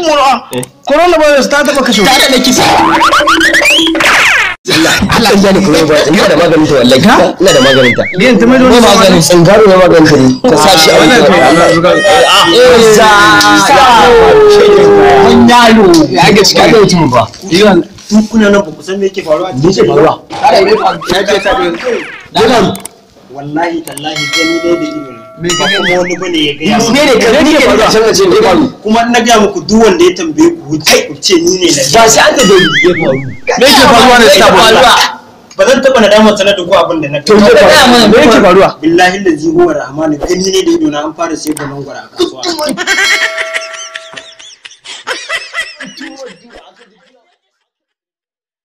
mutum mura ah. eh. coronavirus ta taba kashe ta da kisa Allah ya da kuma ina da maganin ta wallahi ina da maganin ta ni ta mai dole maganin ne maganin ta ne ka sa shi a wani eh, ah. eh, eh za yalo ya ga shi ka dauki mu ba kuna nan ba ku san me yake faruwa yake faruwa kada idan ya ce ta da wallahi tallahi gani dai da ido ne ba kuma wani bane ya gaya ne ne gare ne ba can ce ne faru kuma na ga muku duk wanda ya tambaye ku hujja ku ce ni ne na ba sai an da dai ya faru me yake faruwa ne ta faruwa ba zan taba na damar sanar da ku abin da na kai to ga mana me yake faruwa billahi da jigo wa rahmanu gani ne da ido na an fara sai da mangwara a kasuwa